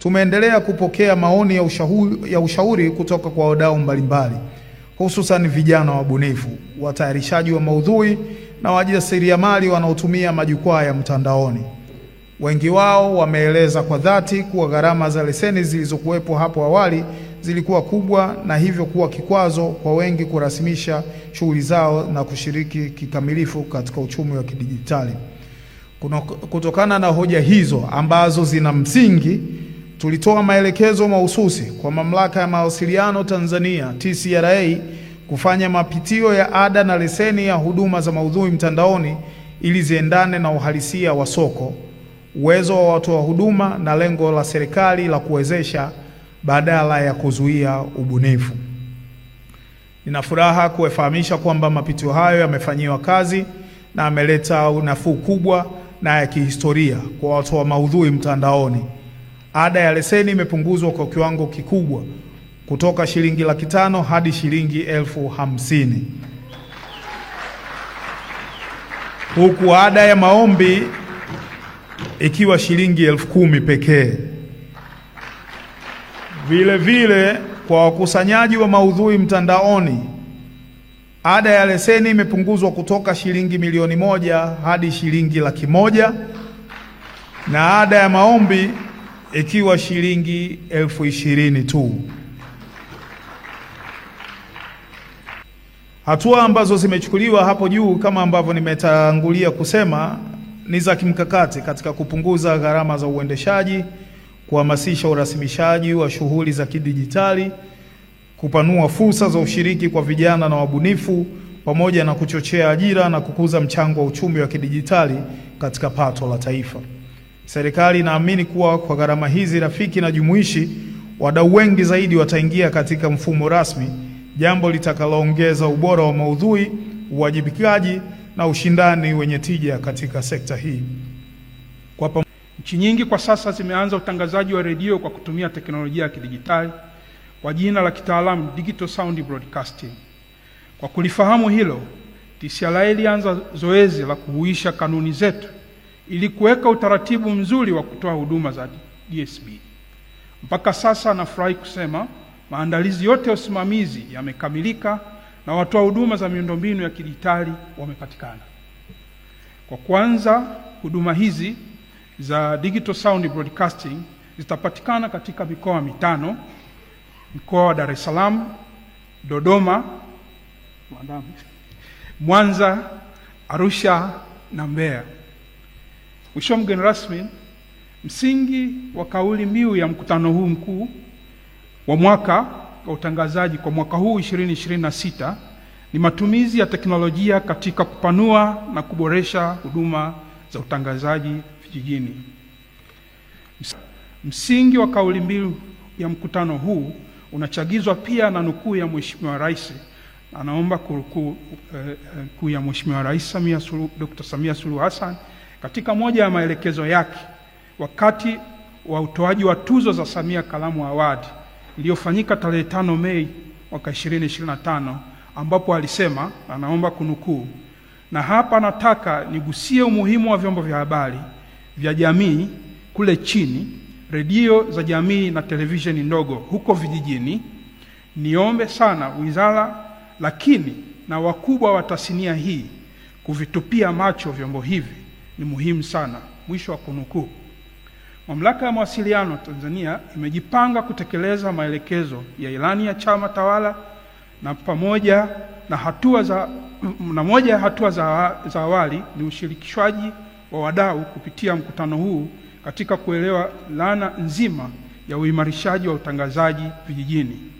Tumeendelea kupokea maoni ya ushauri, ya ushauri kutoka kwa wadau mbalimbali hususan vijana wabunifu, watayarishaji wa maudhui na wajasiriamali wanaotumia majukwaa ya mtandaoni. Wengi wao wameeleza kwa dhati kuwa gharama za leseni zilizokuwepo hapo awali zilikuwa kubwa na hivyo kuwa kikwazo kwa wengi kurasimisha shughuli zao na kushiriki kikamilifu katika uchumi wa kidijitali. Kutokana na hoja hizo ambazo zina msingi tulitoa maelekezo mahususi kwa Mamlaka ya Mawasiliano Tanzania TCRA kufanya mapitio ya ada na leseni ya huduma za maudhui mtandaoni ili ziendane na uhalisia wa soko, uwezo wa watoa huduma na lengo la serikali la kuwezesha badala ya kuzuia ubunifu. Nina furaha kuwafahamisha kwamba mapitio hayo yamefanyiwa kazi na ameleta unafuu kubwa na ya kihistoria kwa watoa maudhui mtandaoni. Ada ya leseni imepunguzwa kwa kiwango kikubwa kutoka shilingi laki tano hadi shilingi elfu hamsini huku ada ya maombi ikiwa shilingi elfu kumi pekee. Vile vile kwa wakusanyaji wa maudhui mtandaoni, ada ya leseni imepunguzwa kutoka shilingi milioni moja hadi shilingi laki moja na ada ya maombi ikiwa shilingi elfu ishirini tu. Hatua ambazo zimechukuliwa hapo juu kama ambavyo nimetangulia kusema ni za kimkakati katika kupunguza gharama za uendeshaji, kuhamasisha urasimishaji wa shughuli za kidijitali, kupanua fursa za ushiriki kwa vijana na wabunifu, pamoja na kuchochea ajira na kukuza mchango wa uchumi wa kidijitali katika pato la taifa. Serikali inaamini kuwa kwa gharama hizi rafiki na jumuishi, wadau wengi zaidi wataingia katika mfumo rasmi, jambo litakaloongeza ubora wa maudhui, uwajibikaji na ushindani wenye tija katika sekta hii. Kwa nchi nyingi kwa sasa zimeanza utangazaji wa redio kwa kutumia teknolojia ya kidijitali kwa jina la kitaalamu digital sound broadcasting. Kwa kulifahamu hilo, TCRA ilianza zoezi la kuhuisha kanuni zetu ili kuweka utaratibu mzuri wa kutoa huduma za DSB. Mpaka sasa nafurahi kusema maandalizi yote ya usimamizi yamekamilika na watoa huduma za miundombinu ya kidijitali wamepatikana. Kwa kwanza, huduma hizi za digital sound broadcasting zitapatikana katika mikoa mitano: mkoa wa Dar es Salaam, Dodoma, Mwanza, Arusha na Mbeya. Mheshimiwa mgeni rasmi, msingi wa kauli mbiu ya mkutano huu mkuu wa mwaka wa utangazaji kwa mwaka huu 2026 ni matumizi ya teknolojia katika kupanua na kuboresha huduma za utangazaji vijijini. Msingi wa kauli mbiu ya mkutano huu unachagizwa pia na nukuu ya Mheshimiwa Rais, anaomba nukuu eh, eh ya Mheshimiwa Rais Samia Suluhu, Dr. Samia Suluhu Hassan katika moja ya maelekezo yake wakati wa utoaji wa tuzo za Samia Kalamu Award iliyofanyika tarehe tano Mei mwaka 2025 ambapo alisema, anaomba kunukuu, na hapa nataka nigusie umuhimu wa vyombo vya habari vya jamii kule chini, redio za jamii na televisheni ndogo huko vijijini. Niombe sana wizara, lakini na wakubwa wa tasnia hii kuvitupia macho vyombo hivi ni muhimu sana. Mwisho wa kunukuu. Mamlaka ya Mawasiliano Tanzania imejipanga kutekeleza maelekezo ya ilani ya chama tawala na pamoja na hatua za, na moja ya hatua za, za awali ni ushirikishwaji wa wadau kupitia mkutano huu katika kuelewa dhana nzima ya uimarishaji wa utangazaji vijijini.